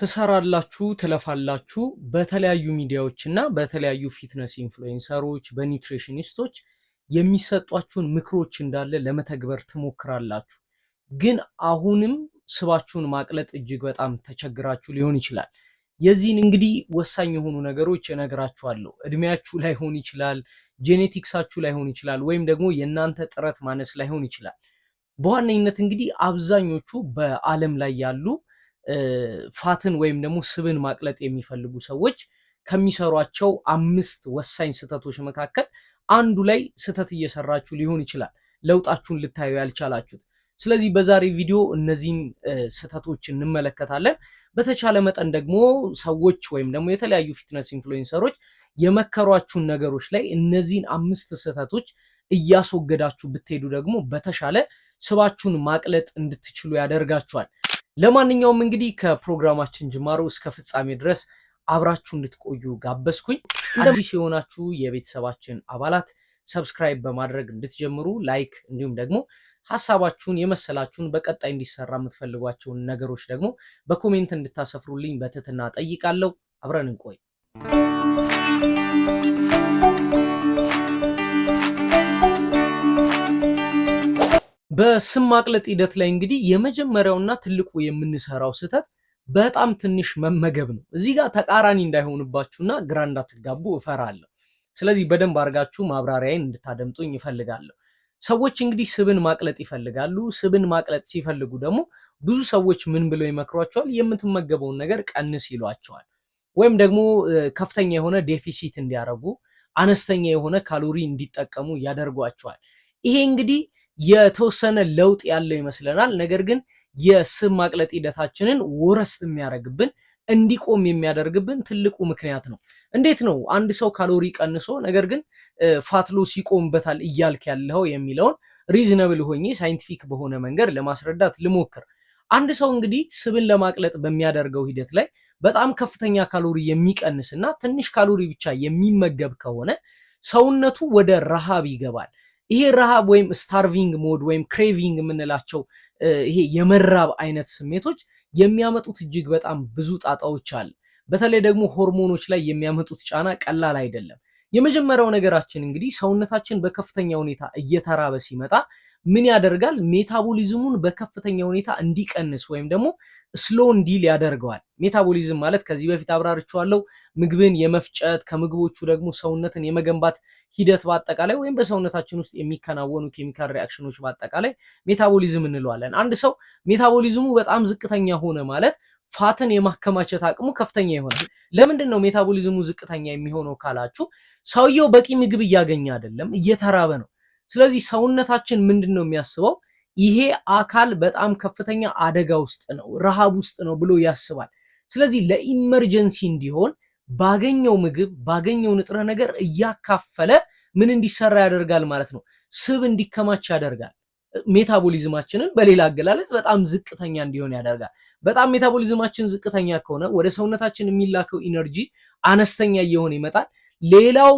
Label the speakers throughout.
Speaker 1: ትሰራላችሁ፣ ትለፋላችሁ። በተለያዩ ሚዲያዎች እና በተለያዩ ፊትነስ ኢንፍሉዌንሰሮች፣ በኒውትሪሽኒስቶች የሚሰጧችሁን ምክሮች እንዳለ ለመተግበር ትሞክራላችሁ። ግን አሁንም ስባችሁን ማቅለጥ እጅግ በጣም ተቸግራችሁ ሊሆን ይችላል። የዚህን እንግዲህ ወሳኝ የሆኑ ነገሮች እነግራችኋለሁ። እድሜያችሁ ላይሆን ይችላል፣ ጄኔቲክሳችሁ ላይሆን ይችላል፣ ወይም ደግሞ የእናንተ ጥረት ማነስ ላይሆን ይችላል። በዋነኝነት እንግዲህ አብዛኞቹ በዓለም ላይ ያሉ ፋትን ወይም ደግሞ ስብን ማቅለጥ የሚፈልጉ ሰዎች ከሚሰሯቸው አምስት ወሳኝ ስህተቶች መካከል አንዱ ላይ ስህተት እየሰራችሁ ሊሆን ይችላል ለውጣችሁን ልታዩ ያልቻላችሁት። ስለዚህ በዛሬ ቪዲዮ እነዚህን ስህተቶች እንመለከታለን። በተቻለ መጠን ደግሞ ሰዎች ወይም ደግሞ የተለያዩ ፊትነስ ኢንፍሉዌንሰሮች የመከሯችሁን ነገሮች ላይ እነዚህን አምስት ስህተቶች እያስወገዳችሁ ብትሄዱ ደግሞ በተሻለ ስባችሁን ማቅለጥ እንድትችሉ ያደርጋችኋል። ለማንኛውም እንግዲህ ከፕሮግራማችን ጅማሮ እስከ ፍጻሜ ድረስ አብራችሁ እንድትቆዩ ጋበዝኩኝ። አዲስ የሆናችሁ የቤተሰባችን አባላት ሰብስክራይብ በማድረግ እንድትጀምሩ፣ ላይክ፣ እንዲሁም ደግሞ ሀሳባችሁን የመሰላችሁን በቀጣይ እንዲሰራ የምትፈልጓቸውን ነገሮች ደግሞ በኮሜንት እንድታሰፍሩልኝ በትህትና ጠይቃለሁ። አብረን እንቆይ። በስም ማቅለጥ ሂደት ላይ እንግዲህ የመጀመሪያውና ትልቁ የምንሰራው ስህተት በጣም ትንሽ መመገብ ነው። እዚህ ጋር ተቃራኒ እንዳይሆንባችሁና ግራ እንዳትጋቡ እፈራለሁ። ስለዚህ በደንብ አድርጋችሁ ማብራሪያዬን እንድታደምጡኝ ይፈልጋለሁ። ሰዎች እንግዲህ ስብን ማቅለጥ ይፈልጋሉ። ስብን ማቅለጥ ሲፈልጉ ደግሞ ብዙ ሰዎች ምን ብለው ይመክሯቸዋል? የምትመገበውን ነገር ቀንስ ይሏቸዋል። ወይም ደግሞ ከፍተኛ የሆነ ዴፊሲት እንዲያደርጉ፣ አነስተኛ የሆነ ካሎሪ እንዲጠቀሙ ያደርጓቸዋል። ይሄ እንግዲህ የተወሰነ ለውጥ ያለው ይመስለናል። ነገር ግን የስብ ማቅለጥ ሂደታችንን ወረስት የሚያደርግብን እንዲቆም የሚያደርግብን ትልቁ ምክንያት ነው። እንዴት ነው አንድ ሰው ካሎሪ ቀንሶ ነገር ግን ፋትሎስ ይቆምበታል እያልክ ያለው የሚለውን ሪዝነብል ሆኜ ሳይንቲፊክ በሆነ መንገድ ለማስረዳት ልሞክር። አንድ ሰው እንግዲህ ስብን ለማቅለጥ በሚያደርገው ሂደት ላይ በጣም ከፍተኛ ካሎሪ የሚቀንስ እና ትንሽ ካሎሪ ብቻ የሚመገብ ከሆነ ሰውነቱ ወደ ረሃብ ይገባል። ይሄ ረሃብ ወይም ስታርቪንግ ሞድ ወይም ክሬቪንግ የምንላቸው ይሄ የመራብ አይነት ስሜቶች የሚያመጡት እጅግ በጣም ብዙ ጣጣዎች አለ። በተለይ ደግሞ ሆርሞኖች ላይ የሚያመጡት ጫና ቀላል አይደለም። የመጀመሪያው ነገራችን እንግዲህ ሰውነታችን በከፍተኛ ሁኔታ እየተራበ ሲመጣ ምን ያደርጋል? ሜታቦሊዝሙን በከፍተኛ ሁኔታ እንዲቀንስ ወይም ደግሞ ስሎ እንዲል ያደርገዋል። ሜታቦሊዝም ማለት ከዚህ በፊት አብራርቼዋለሁ፣ ምግብን የመፍጨት ከምግቦቹ ደግሞ ሰውነትን የመገንባት ሂደት በአጠቃላይ ወይም በሰውነታችን ውስጥ የሚከናወኑ ኬሚካል ሪያክሽኖች በአጠቃላይ ሜታቦሊዝም እንለዋለን። አንድ ሰው ሜታቦሊዝሙ በጣም ዝቅተኛ ሆነ ማለት ፋትን የማከማቸት አቅሙ ከፍተኛ ይሆናል። ለምንድን ነው ሜታቦሊዝሙ ዝቅተኛ የሚሆነው ካላችሁ፣ ሰውየው በቂ ምግብ እያገኘ አይደለም፣ እየተራበ ነው። ስለዚህ ሰውነታችን ምንድን ነው የሚያስበው? ይሄ አካል በጣም ከፍተኛ አደጋ ውስጥ ነው፣ ረሃብ ውስጥ ነው ብሎ ያስባል። ስለዚህ ለኢመርጀንሲ እንዲሆን ባገኘው ምግብ ባገኘው ንጥረ ነገር እያካፈለ ምን እንዲሰራ ያደርጋል ማለት ነው፣ ስብ እንዲከማች ያደርጋል። ሜታቦሊዝማችንን በሌላ አገላለጽ በጣም ዝቅተኛ እንዲሆን ያደርጋል። በጣም ሜታቦሊዝማችን ዝቅተኛ ከሆነ ወደ ሰውነታችን የሚላከው ኢነርጂ አነስተኛ እየሆነ ይመጣል። ሌላው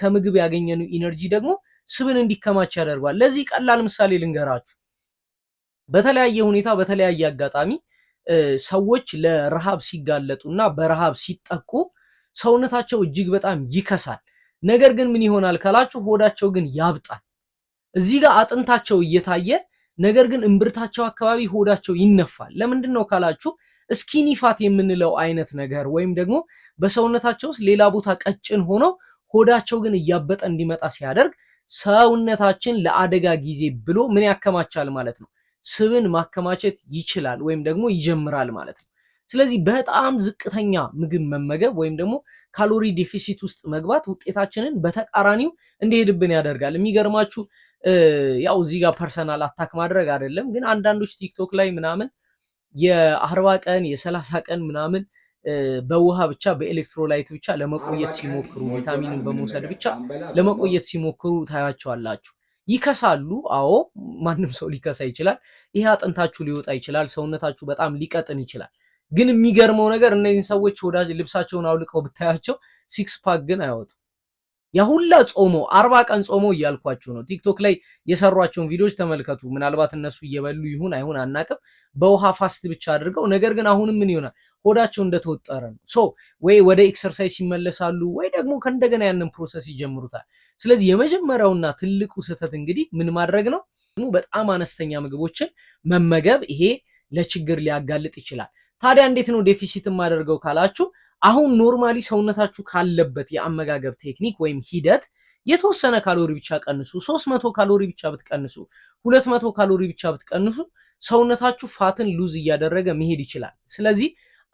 Speaker 1: ከምግብ ያገኘነው ኢነርጂ ደግሞ ስብን እንዲከማች ያደርጓል። ለዚህ ቀላል ምሳሌ ልንገራችሁ። በተለያየ ሁኔታ በተለያየ አጋጣሚ ሰዎች ለረሃብ ሲጋለጡ እና በረሃብ ሲጠቁ ሰውነታቸው እጅግ በጣም ይከሳል። ነገር ግን ምን ይሆናል ካላችሁ ሆዳቸው ግን ያብጣል። እዚህ ጋር አጥንታቸው እየታየ ነገር ግን እምብርታቸው አካባቢ ሆዳቸው ይነፋል። ለምንድን ነው ካላችሁ ስኪኒ ፋት የምንለው አይነት ነገር ወይም ደግሞ በሰውነታቸው ውስጥ ሌላ ቦታ ቀጭን ሆኖ ሆዳቸው ግን እያበጠ እንዲመጣ ሲያደርግ ሰውነታችን ለአደጋ ጊዜ ብሎ ምን ያከማቻል ማለት ነው፣ ስብን ማከማቸት ይችላል ወይም ደግሞ ይጀምራል ማለት ነው። ስለዚህ በጣም ዝቅተኛ ምግብ መመገብ ወይም ደግሞ ካሎሪ ዴፊሲት ውስጥ መግባት ውጤታችንን በተቃራኒው እንዲሄድብን ያደርጋል። የሚገርማችሁ ያው እዚህ ጋር ፐርሰናል አታክ ማድረግ አይደለም፣ ግን አንዳንዶች ቲክቶክ ላይ ምናምን የአርባ ቀን የሰላሳ ቀን ምናምን በውሃ ብቻ በኤሌክትሮላይት ብቻ ለመቆየት ሲሞክሩ ቪታሚንን በመውሰድ ብቻ ለመቆየት ሲሞክሩ ታያቸዋላችሁ። ይከሳሉ። አዎ ማንም ሰው ሊከሳ ይችላል። ይሄ አጥንታችሁ ሊወጣ ይችላል። ሰውነታችሁ በጣም ሊቀጥን ይችላል። ግን የሚገርመው ነገር እነዚህን ሰዎች ወዳጅ ልብሳቸውን አውልቀው ብታያቸው ሲክስ ፓክ ግን አያወጡ። ያሁላ ጾሞ አርባ ቀን ጾሞ እያልኳችሁ ነው። ቲክቶክ ላይ የሰሯቸውን ቪዲዮዎች ተመልከቱ። ምናልባት እነሱ እየበሉ ይሁን አይሁን አናቅም፣ በውሃ ፋስት ብቻ አድርገው ነገር ግን አሁንም ምን ይሆናል ሆዳቸው እንደተወጠረ ነው። ሶ ወይ ወደ ኤክሰርሳይዝ ይመለሳሉ ወይ ደግሞ ከእንደገና ያንን ፕሮሰስ ይጀምሩታል። ስለዚህ የመጀመሪያውና ትልቁ ስህተት እንግዲህ ምን ማድረግ ነው፣ በጣም አነስተኛ ምግቦችን መመገብ። ይሄ ለችግር ሊያጋልጥ ይችላል። ታዲያ እንዴት ነው ዴፊሲት የማደርገው ካላችሁ አሁን ኖርማሊ ሰውነታችሁ ካለበት የአመጋገብ ቴክኒክ ወይም ሂደት የተወሰነ ካሎሪ ብቻ ቀንሱ። 300 ካሎሪ ብቻ ብትቀንሱ፣ 200 ካሎሪ ብቻ ብትቀንሱ ሰውነታችሁ ፋትን ሉዝ እያደረገ መሄድ ይችላል። ስለዚህ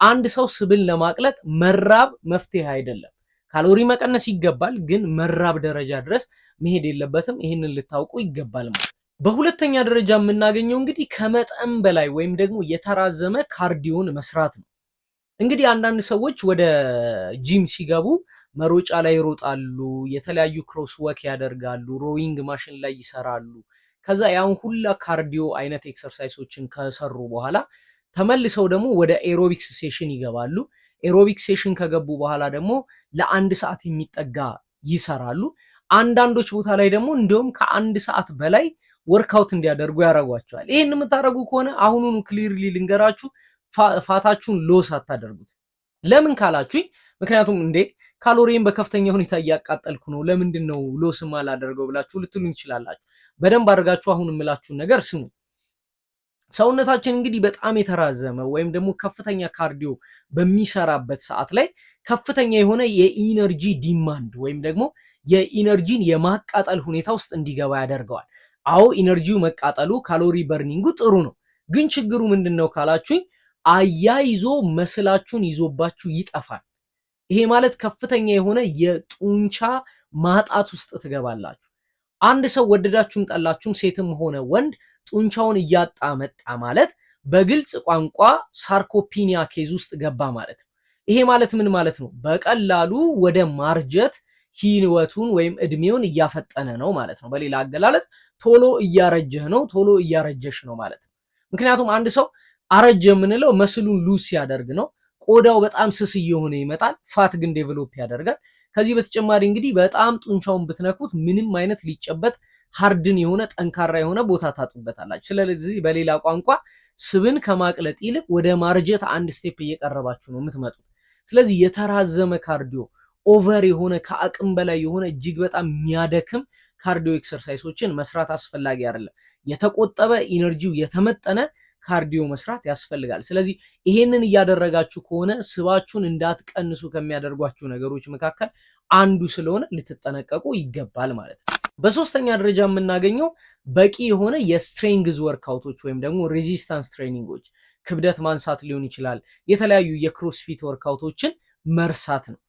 Speaker 1: አንድ ሰው ስብን ለማቅለጥ መራብ መፍትሄ አይደለም። ካሎሪ መቀነስ ይገባል፣ ግን መራብ ደረጃ ድረስ መሄድ የለበትም። ይህንን ልታውቁ ይገባል ማለት በሁለተኛ ደረጃ የምናገኘው እንግዲህ ከመጠን በላይ ወይም ደግሞ የተራዘመ ካርዲዮን መስራት ነው። እንግዲህ አንዳንድ ሰዎች ወደ ጂም ሲገቡ መሮጫ ላይ ይሮጣሉ፣ የተለያዩ ክሮስ ወክ ያደርጋሉ፣ ሮዊንግ ማሽን ላይ ይሰራሉ። ከዛ ያን ሁላ ካርዲዮ አይነት ኤክሰርሳይሶችን ከሰሩ በኋላ ተመልሰው ደግሞ ወደ ኤሮቢክስ ሴሽን ይገባሉ። ኤሮቢክ ሴሽን ከገቡ በኋላ ደግሞ ለአንድ ሰዓት የሚጠጋ ይሰራሉ። አንዳንዶች ቦታ ላይ ደግሞ እንዲሁም ከአንድ ሰዓት በላይ ወርክአውት እንዲያደርጉ ያደርጓቸዋል። ይህን የምታደርጉ ከሆነ አሁኑኑ ክሊርሊ ልንገራችሁ፣ ፋታችሁን ሎስ አታደርጉት። ለምን ካላችሁኝ፣ ምክንያቱም እንዴ ካሎሪን በከፍተኛ ሁኔታ እያቃጠልኩ ነው፣ ለምንድን ነው ሎስም አላደርገው ብላችሁ ልትሉ ትችላላችሁ። በደንብ አድርጋችሁ አሁን የምላችሁን ነገር ስሙ። ሰውነታችን እንግዲህ በጣም የተራዘመ ወይም ደግሞ ከፍተኛ ካርዲዮ በሚሰራበት ሰዓት ላይ ከፍተኛ የሆነ የኢነርጂ ዲማንድ ወይም ደግሞ የኢነርጂን የማቃጠል ሁኔታ ውስጥ እንዲገባ ያደርገዋል። አዎ ኢነርጂው መቃጠሉ ካሎሪ በርኒንጉ ጥሩ ነው። ግን ችግሩ ምንድን ነው ካላችሁኝ አያይዞ መስላችሁን ይዞባችሁ ይጠፋል። ይሄ ማለት ከፍተኛ የሆነ የጡንቻ ማጣት ውስጥ ትገባላችሁ። አንድ ሰው ወደዳችሁም ጠላችሁም ሴትም ሆነ ወንድ ጡንቻውን እያጣ መጣ ማለት በግልጽ ቋንቋ ሳርኮፒኒያ ኬዝ ውስጥ ገባ ማለት ነው። ይሄ ማለት ምን ማለት ነው? በቀላሉ ወደ ማርጀት ህይወቱን ወይም እድሜውን እያፈጠነ ነው ማለት ነው። በሌላ አገላለጽ ቶሎ እያረጀህ ነው፣ ቶሎ እያረጀሽ ነው ማለት ነው። ምክንያቱም አንድ ሰው አረጀ የምንለው መስሉን ሉስ ሲያደርግ ነው። ቆዳው በጣም ስስ እየሆነ ይመጣል። ፋት ግን ዴቨሎፕ ያደርጋል። ከዚህ በተጨማሪ እንግዲህ በጣም ጡንቻውን ብትነኩት ምንም አይነት ሊጨበጥ ሀርድን የሆነ ጠንካራ የሆነ ቦታ ታጡበታላችሁ። ስለዚህ በሌላ ቋንቋ ስብን ከማቅለጥ ይልቅ ወደ ማርጀት አንድ ስቴፕ እየቀረባችሁ ነው የምትመጡት። ስለዚህ የተራዘመ ካርዲዮ ኦቨር የሆነ ከአቅም በላይ የሆነ እጅግ በጣም የሚያደክም ካርዲዮ ኤክሰርሳይሶችን መስራት አስፈላጊ አይደለም። የተቆጠበ ኢነርጂው የተመጠነ ካርዲዮ መስራት ያስፈልጋል። ስለዚህ ይሄንን እያደረጋችሁ ከሆነ ስባችሁን እንዳትቀንሱ ከሚያደርጓችሁ ነገሮች መካከል አንዱ ስለሆነ ልትጠነቀቁ ይገባል ማለት ነው። በሶስተኛ ደረጃ የምናገኘው በቂ የሆነ የስትሬንግዝ ወርካውቶች ወይም ደግሞ ሬዚስታንስ ትሬኒንጎች፣ ክብደት ማንሳት ሊሆን ይችላል፣ የተለያዩ የክሮስፊት ወርካውቶችን መርሳት ነው።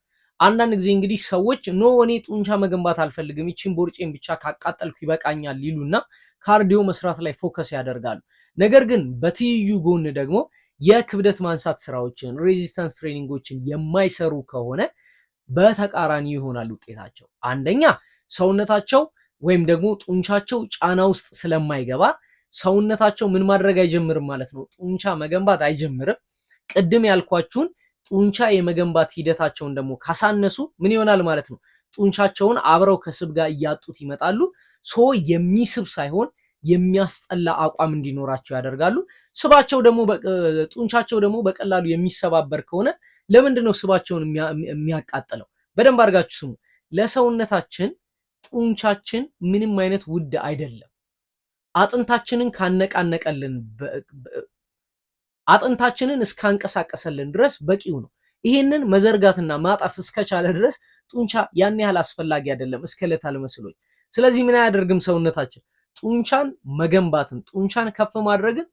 Speaker 1: አንዳንድ ጊዜ እንግዲህ ሰዎች ኖ እኔ ጡንቻ መገንባት አልፈልግም ይችን ቦርጬን ብቻ ካቃጠልኩ ይበቃኛል ይሉና ካርዲዮ መስራት ላይ ፎከስ ያደርጋሉ። ነገር ግን በትይዩ ጎን ደግሞ የክብደት ማንሳት ስራዎችን፣ ሬዚስተንስ ትሬኒንጎችን የማይሰሩ ከሆነ በተቃራኒ ይሆናል ውጤታቸው። አንደኛ ሰውነታቸው ወይም ደግሞ ጡንቻቸው ጫና ውስጥ ስለማይገባ ሰውነታቸው ምን ማድረግ አይጀምርም ማለት ነው። ጡንቻ መገንባት አይጀምርም። ቅድም ያልኳችሁን ጡንቻ የመገንባት ሂደታቸውን ደግሞ ካሳነሱ ምን ይሆናል ማለት ነው? ጡንቻቸውን አብረው ከስብ ጋር እያጡት ይመጣሉ። ሶ የሚስብ ሳይሆን የሚያስጠላ አቋም እንዲኖራቸው ያደርጋሉ። ስባቸው ደግሞ ጡንቻቸው ደግሞ በቀላሉ የሚሰባበር ከሆነ ለምንድን ነው ስባቸውን የሚያቃጥለው? በደንብ አድርጋችሁ ስሙ። ለሰውነታችን ጡንቻችን ምንም አይነት ውድ አይደለም። አጥንታችንን ካነቃነቀልን አጥንታችንን እስካንቀሳቀሰልን ድረስ በቂው ነው። ይሄንን መዘርጋትና ማጠፍ እስከቻለ ድረስ ጡንቻ ያን ያህል አስፈላጊ አይደለም፣ እስከለት አልመስሎኝ። ስለዚህ ምን አያደርግም ሰውነታችን ጡንቻን መገንባትን ጡንቻን ከፍ ማድረግን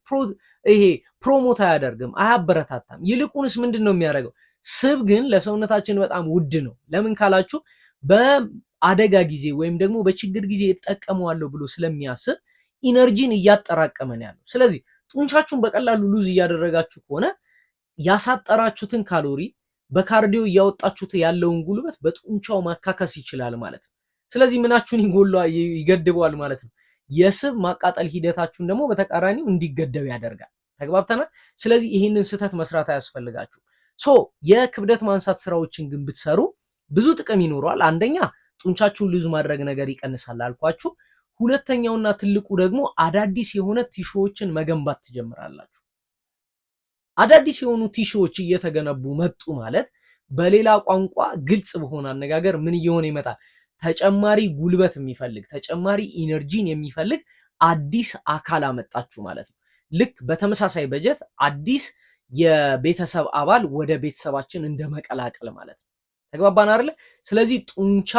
Speaker 1: ይሄ ፕሮሞት አያደርግም፣ አያበረታታም። ይልቁንስ ምንድን ነው የሚያደርገው? ስብ ግን ለሰውነታችን በጣም ውድ ነው። ለምን ካላችሁ በአደጋ ጊዜ ወይም ደግሞ በችግር ጊዜ ይጠቀመዋለሁ ብሎ ስለሚያስብ ኢነርጂን እያጠራቀመን ያለው ስለዚህ ጡንቻችሁን በቀላሉ ሉዝ እያደረጋችሁ ከሆነ ያሳጠራችሁትን ካሎሪ በካርዲዮ እያወጣችሁት ያለውን ጉልበት በጡንቻው ማካከስ ይችላል ማለት ነው። ስለዚህ ምናችሁን ይጎላ ይገድበዋል ማለት ነው። የስብ ማቃጠል ሂደታችሁን ደግሞ በተቃራኒው እንዲገደብ ያደርጋል። ተግባብተናል። ስለዚህ ይህንን ስህተት መስራት አያስፈልጋችሁ። ሶ የክብደት ማንሳት ስራዎችን ግን ብትሰሩ ብዙ ጥቅም ይኖረዋል። አንደኛ ጡንቻችሁን ልዙ ማድረግ ነገር ይቀንሳል አልኳችሁ። ሁለተኛውና ትልቁ ደግሞ አዳዲስ የሆነ ቲሾዎችን መገንባት ትጀምራላችሁ። አዳዲስ የሆኑ ቲሾዎች እየተገነቡ መጡ ማለት በሌላ ቋንቋ ግልጽ በሆነ አነጋገር ምን እየሆነ ይመጣል? ተጨማሪ ጉልበት የሚፈልግ ተጨማሪ ኢነርጂን የሚፈልግ አዲስ አካል አመጣችሁ ማለት ነው። ልክ በተመሳሳይ በጀት አዲስ የቤተሰብ አባል ወደ ቤተሰባችን እንደመቀላቀል ማለት ነው። ተግባባን አይደለ? ስለዚህ ጡንቻ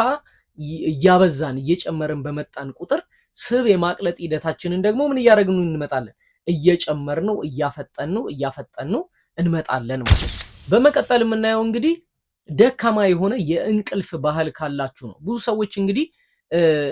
Speaker 1: እያበዛን እየጨመርን በመጣን ቁጥር ስብ የማቅለጥ ሂደታችንን ደግሞ ምን እያደረግን እንመጣለን? እየጨመር ነው እያፈጠን ነው እያፈጠን ነው እንመጣለን ማለት ነው። በመቀጠል የምናየው እንግዲህ ደካማ የሆነ የእንቅልፍ ባህል ካላችሁ ነው። ብዙ ሰዎች እንግዲህ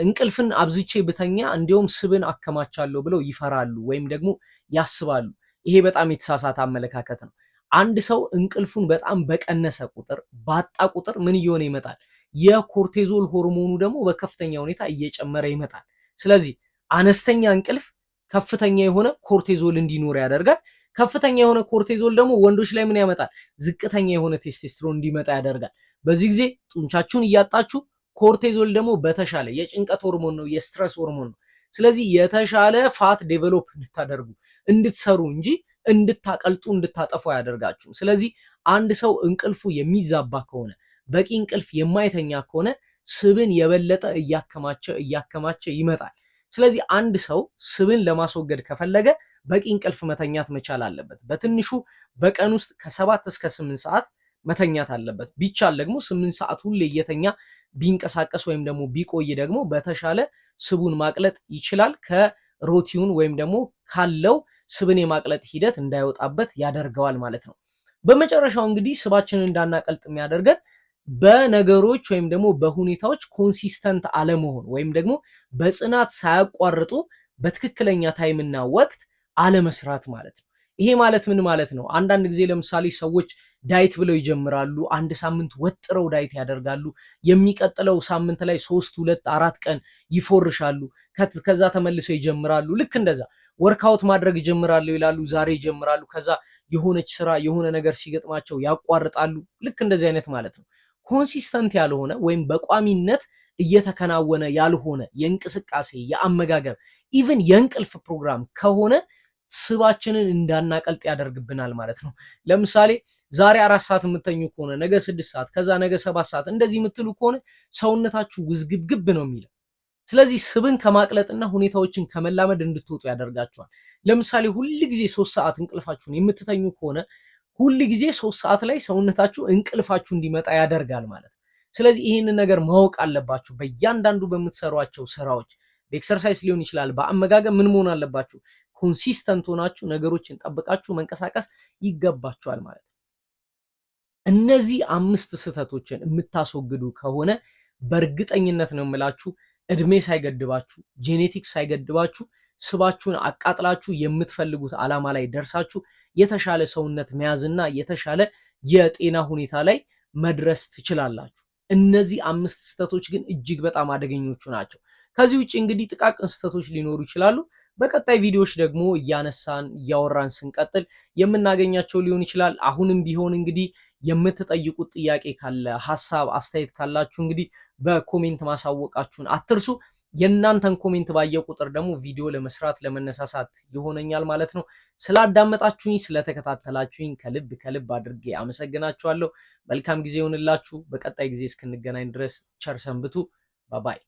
Speaker 1: እንቅልፍን አብዝቼ ብተኛ እንዲሁም ስብን አከማቻለሁ ብለው ይፈራሉ ወይም ደግሞ ያስባሉ። ይሄ በጣም የተሳሳተ አመለካከት ነው። አንድ ሰው እንቅልፉን በጣም በቀነሰ ቁጥር ባጣ ቁጥር ምን እየሆነ ይመጣል? የኮርቴዞል ሆርሞኑ ደግሞ በከፍተኛ ሁኔታ እየጨመረ ይመጣል። ስለዚህ አነስተኛ እንቅልፍ ከፍተኛ የሆነ ኮርቴዞል እንዲኖር ያደርጋል። ከፍተኛ የሆነ ኮርቴዞል ደግሞ ወንዶች ላይ ምን ያመጣል? ዝቅተኛ የሆነ ቴስቴስትሮን እንዲመጣ ያደርጋል። በዚህ ጊዜ ጡንቻችሁን እያጣችሁ፣ ኮርቴዞል ደግሞ በተሻለ የጭንቀት ሆርሞን ነው፣ የስትረስ ሆርሞን ነው። ስለዚህ የተሻለ ፋት ዴቨሎፕ እንድታደርጉ እንድትሰሩ እንጂ እንድታቀልጡ እንድታጠፉ አያደርጋችሁም። ስለዚህ አንድ ሰው እንቅልፉ የሚዛባ ከሆነ በቂ እንቅልፍ የማይተኛ ከሆነ ስብን የበለጠ እያከማቸ እያከማቸ ይመጣል። ስለዚህ አንድ ሰው ስብን ለማስወገድ ከፈለገ በቂ እንቅልፍ መተኛት መቻል አለበት። በትንሹ በቀን ውስጥ ከሰባት እስከ ስምንት ሰዓት መተኛት አለበት። ቢቻል ደግሞ ስምንት ሰዓት ሁሌ እየተኛ ቢንቀሳቀስ ወይም ደግሞ ቢቆይ ደግሞ በተሻለ ስቡን ማቅለጥ ይችላል። ከሮቲውን ወይም ደግሞ ካለው ስብን የማቅለጥ ሂደት እንዳይወጣበት ያደርገዋል ማለት ነው። በመጨረሻው እንግዲህ ስባችንን እንዳናቀልጥ የሚያደርገን በነገሮች ወይም ደግሞ በሁኔታዎች ኮንሲስተንት አለመሆን ወይም ደግሞ በጽናት ሳያቋርጡ በትክክለኛ ታይምና ወቅት አለመስራት ማለት ነው። ይሄ ማለት ምን ማለት ነው? አንዳንድ ጊዜ ለምሳሌ ሰዎች ዳይት ብለው ይጀምራሉ። አንድ ሳምንት ወጥረው ዳይት ያደርጋሉ። የሚቀጥለው ሳምንት ላይ ሶስት፣ ሁለት፣ አራት ቀን ይፎርሻሉ። ከዛ ተመልሰው ይጀምራሉ። ልክ እንደዛ ወርካውት ማድረግ ይጀምራሉ ይላሉ። ዛሬ ይጀምራሉ። ከዛ የሆነች ስራ የሆነ ነገር ሲገጥማቸው ያቋርጣሉ። ልክ እንደዚህ አይነት ማለት ነው። ኮንሲስተንት ያልሆነ ወይም በቋሚነት እየተከናወነ ያልሆነ የእንቅስቃሴ የአመጋገብ ኢቭን የእንቅልፍ ፕሮግራም ከሆነ ስባችንን እንዳናቀልጥ ያደርግብናል ማለት ነው። ለምሳሌ ዛሬ አራት ሰዓት የምተኙ ከሆነ ነገ ስድስት ሰዓት ከዛ ነገ ሰባት ሰዓት እንደዚህ የምትሉ ከሆነ ሰውነታችሁ ውዝግብግብ ነው የሚለው። ስለዚህ ስብን ከማቅለጥና ሁኔታዎችን ከመላመድ እንድትወጡ ያደርጋችኋል። ለምሳሌ ጊዜ ሶስት ሰዓት እንቅልፋችሁን የምትተኙ ከሆነ ሁል ጊዜ ሶስት ሰዓት ላይ ሰውነታችሁ እንቅልፋችሁ እንዲመጣ ያደርጋል ማለት ነው። ስለዚህ ይህንን ነገር ማወቅ አለባችሁ። በእያንዳንዱ በምትሰሯቸው ስራዎች በኤክሰርሳይዝ ሊሆን ይችላል፣ በአመጋገብ ምን መሆን አለባችሁ? ኮንሲስተንት ሆናችሁ ነገሮችን ጠብቃችሁ መንቀሳቀስ ይገባችኋል ማለት ነው። እነዚህ አምስት ስህተቶችን የምታስወግዱ ከሆነ በእርግጠኝነት ነው የምላችሁ እድሜ ሳይገድባችሁ ጄኔቲክስ ሳይገድባችሁ ስባችሁን አቃጥላችሁ የምትፈልጉት ዓላማ ላይ ደርሳችሁ የተሻለ ሰውነት መያዝና የተሻለ የጤና ሁኔታ ላይ መድረስ ትችላላችሁ። እነዚህ አምስት ስህተቶች ግን እጅግ በጣም አደገኞቹ ናቸው። ከዚህ ውጭ እንግዲህ ጥቃቅን ስህተቶች ሊኖሩ ይችላሉ። በቀጣይ ቪዲዮዎች ደግሞ እያነሳን እያወራን ስንቀጥል የምናገኛቸው ሊሆን ይችላል። አሁንም ቢሆን እንግዲህ የምትጠይቁት ጥያቄ ካለ ሀሳብ፣ አስተያየት ካላችሁ እንግዲህ በኮሜንት ማሳወቃችሁን አትርሱ። የእናንተን ኮሜንት ባየው ቁጥር ደግሞ ቪዲዮ ለመስራት ለመነሳሳት ይሆነኛል ማለት ነው። ስላዳመጣችሁኝ፣ ስለተከታተላችሁኝ ከልብ ከልብ አድርጌ አመሰግናችኋለሁ። መልካም ጊዜ ይሆንላችሁ። በቀጣይ ጊዜ እስክንገናኝ ድረስ ቸር ሰንብቱ። ባባይ